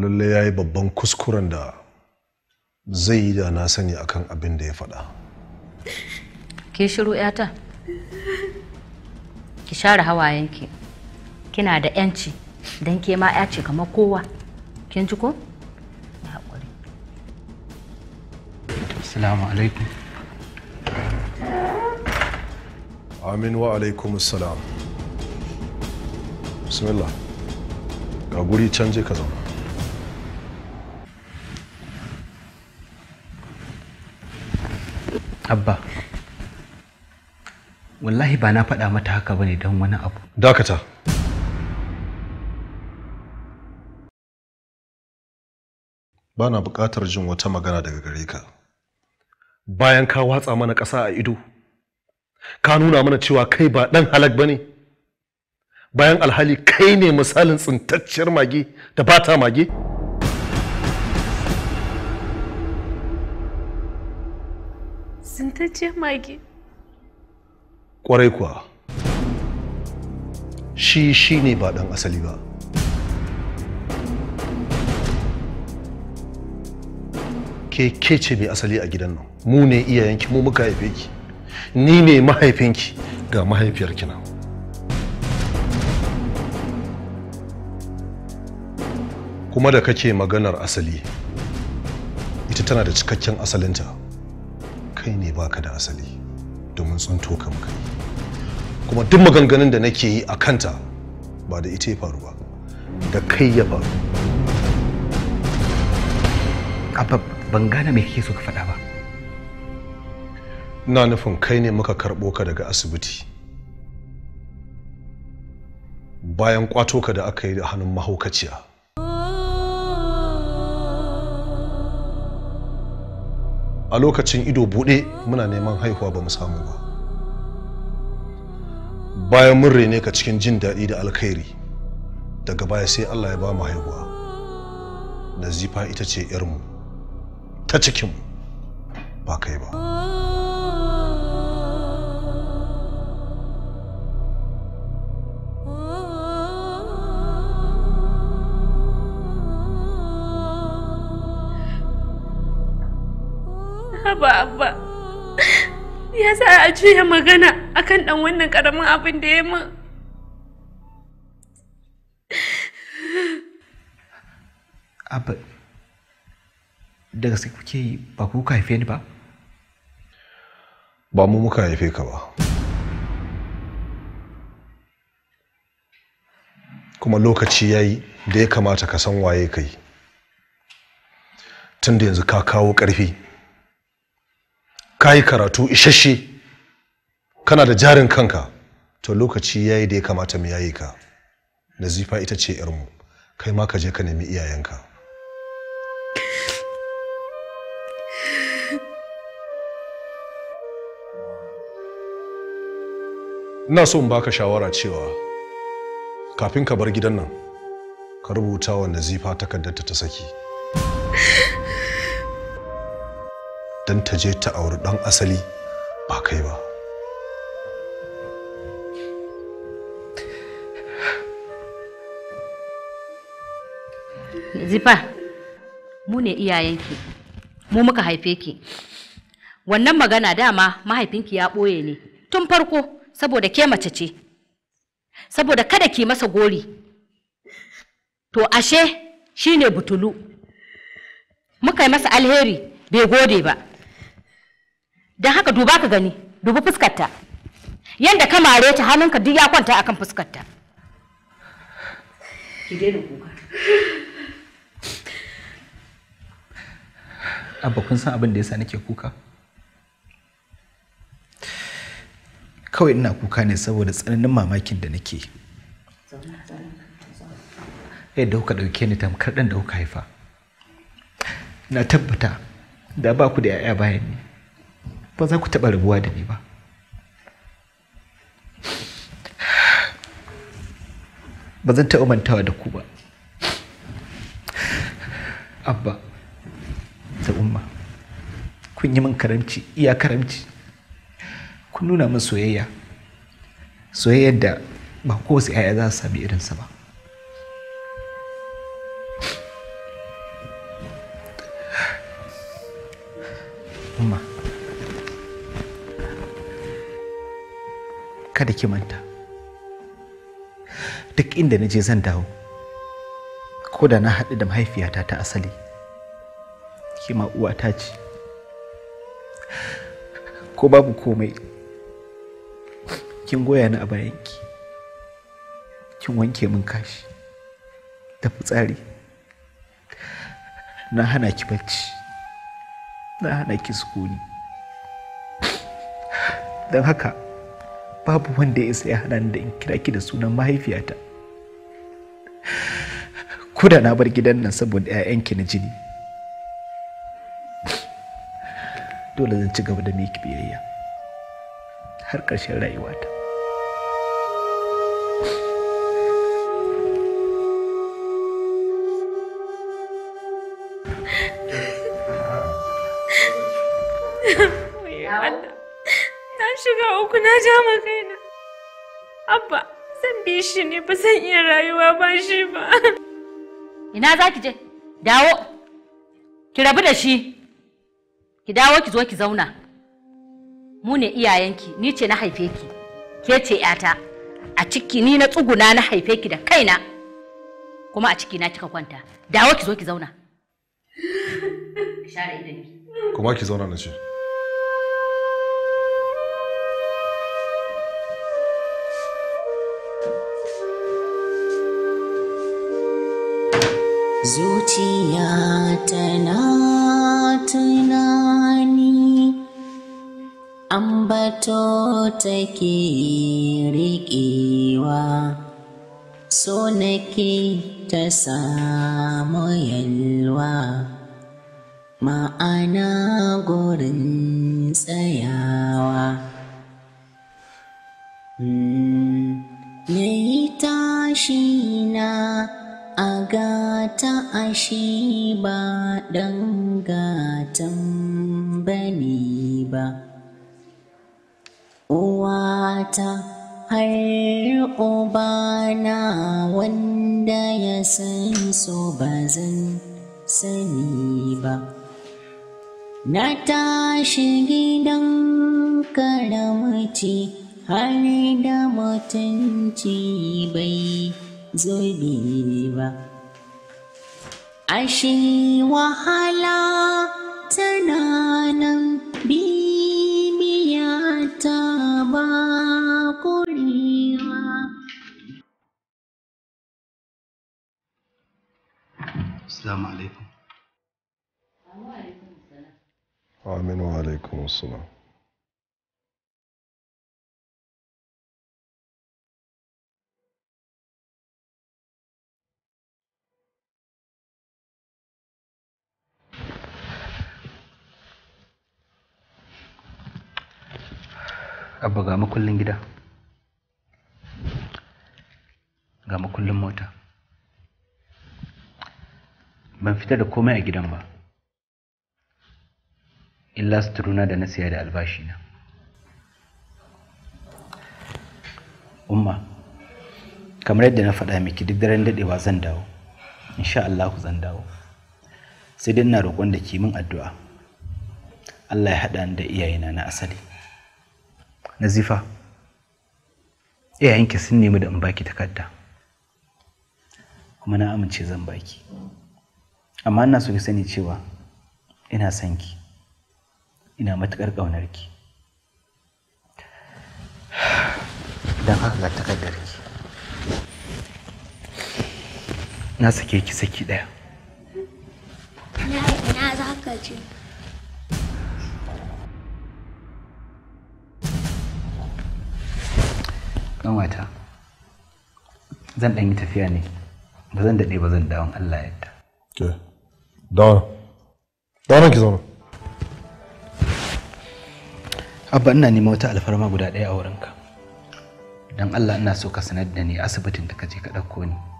Speaker 2: lalle ya yi babban kuskuren da zai yi da na sani akan abin da ya faɗa
Speaker 3: ke shiru yata ki share hawayenki kina da yanci don ke ma ya ce kamar kowa kin ji ko?
Speaker 2: Assalamu alaikum. amin wa alaikum salam bismillah ga guri can je ka zauna
Speaker 4: abba wallahi ba na faɗa mata haka bane don wani
Speaker 2: abu dakata ba na buƙatar jin wata magana daga gare ka bayan ka watsa mana ƙasa a ido ka nuna mana cewa kai ba ɗan halak ba ne bayan alhali kai ne misalin tsintacciyar mage da ba ta mage
Speaker 3: tsintacciyar mage
Speaker 2: ƙwarai kuwa shi shi ne ba ɗan asali ba ke ce mai asali a gidan nan mu ne iyayenki mu muka haife ki ni ne mahaifinki ga mahaifiyarki kina. kuma da kake maganar asali ita tana da cikakken asalinta kai ne baka da asali domin tsinto toka kuma duk maganganun da nake yi a kanta ba da ita ya faru ba da kai ya faru abba ban gane me kake so ka faɗa ba na nufin kai ne muka karɓo ka daga asibiti bayan kwato ka da aka yi da hannun mahaukaciya a lokacin ido buɗe muna neman haihuwa ba samu ba bayan mun rene ka cikin jin daɗi da alkhairi daga baya sai allah ya ba mu haihuwa nazifa ita ce 'yarmu ta cikinmu ba kai ba
Speaker 3: yasa a juya magana akan ɗan wannan karamin abin da ya min
Speaker 2: abu
Speaker 4: da gaske kuke yi ba ku ka haife ni ba
Speaker 2: ba mu muka haife ka ba kuma lokaci ya yi da ya kamata ka san waye kai tun da yanzu ka kawo ƙarfi ka yi karatu isasshe kana da jarin kanka to lokaci ya yi da ya kamata mu yayi ka nazifa ita ce yarmu kai ma ka je ka nemi iyayenka ina so in baka shawara cewa kafin ka bar gidan nan ka rubuta wa nazifa takardar ta saki don ta je ta auri ɗan asali ba kai ba zifa
Speaker 3: mu ne iyayenki mu muka haife ki wannan magana dama mahaifinki ya ɓoye ne tun farko saboda ke mace ce saboda kada ki masa gori to ashe shi ne butulu muka yi masa alheri bai gode ba don haka duba ka gani dubi fuskarta yadda ka mare ta hannunka duk ya kwanta akan fuskarta ki daina kuka
Speaker 4: abba kun san abin da yasa nake kuka kawai ina kuka ne saboda tsananin mamakin da nake yadda kuka ɗauke ni tamkar ɗan da kuka haifa na tabbata da ba ku da 'ya'ya bayan ni ba za ku taɓa rabuwa da ni ba ba zan taɓa mantawa da ku ba abba da umma kun yi min karamci iya karamci kun nuna min soyayya soyayyar da ba wasu 'ya'ya za su sami irinsa ba umma kada ki manta duk inda na je zan dawo ko da na haɗu da mahaifiyata ta asali ki ma uwata ce ko babu komai kin goya ni a bayanki kin wanke min kashi da fitsari na hana ki bacci na hana ki sukuni don haka babu wanda ya ya hana da in kira ki da sunan mahaifiyata ko da na bar gidan nan saboda 'ya'yanki na jini dole zan ci gaba da miki biyayya har ƙarshen rayuwata
Speaker 5: na ja ma kaina abba
Speaker 3: zan bi shi ne ba zan iya rayuwa ba shi ba ina za ki je dawo ki rabu da shi ki dawo ki zo ki zauna mu ne iyayenki ni ce na haife ki ke ce ta, a ciki ni na tsuguna na haife ki da kaina kuma a ciki na kika kwanta dawo ki zo ki
Speaker 6: zauna ki share idanki
Speaker 2: kuma ki zauna na ce
Speaker 6: zuciya tana tunani ambato take riƙewa so nake ta samu yalwa ma'ana gurin tsayawa mm, na yi tashi na agata ashi ashe ba ɗan bane ba uwata har uba na wanda ya san so ba zan sani ba na tashi gidan karamci har da mutunci bai zobe ba ashe wahala tana nan bibiya ta ba kurewa
Speaker 5: Assalamu alaikum. Wa alaikum assalam.
Speaker 4: abba buga makullin gida ga makullin mota ban fita da komai a gidan ba illa suturuna da na siya da albashina umma kamar yadda na faɗa miki duk daren daɗewa zan dawo insha Allah zan dawo sai dai ina roƙon da ki min addu'a Allah ya haɗa ni da iyayena na asali nazifa iyayenki sun nemi da in baki takarda kuma na amince zan baki amma ina so ki sani cewa ina son ki ina matuƙar ƙaunar ki don haka ga takardar ki na sake ki saki ɗaya
Speaker 8: ina za ka ce
Speaker 4: dan wata zan ɗan yi tafiya ne ba zan daɗe ba zan dawon Allah ya ta. ke dawon dawon ki zama. abba ina nema wata alfarma guda ɗaya a wurinka don Allah ina so ka sanar da ni asibitin da ka je ka ɗauko ni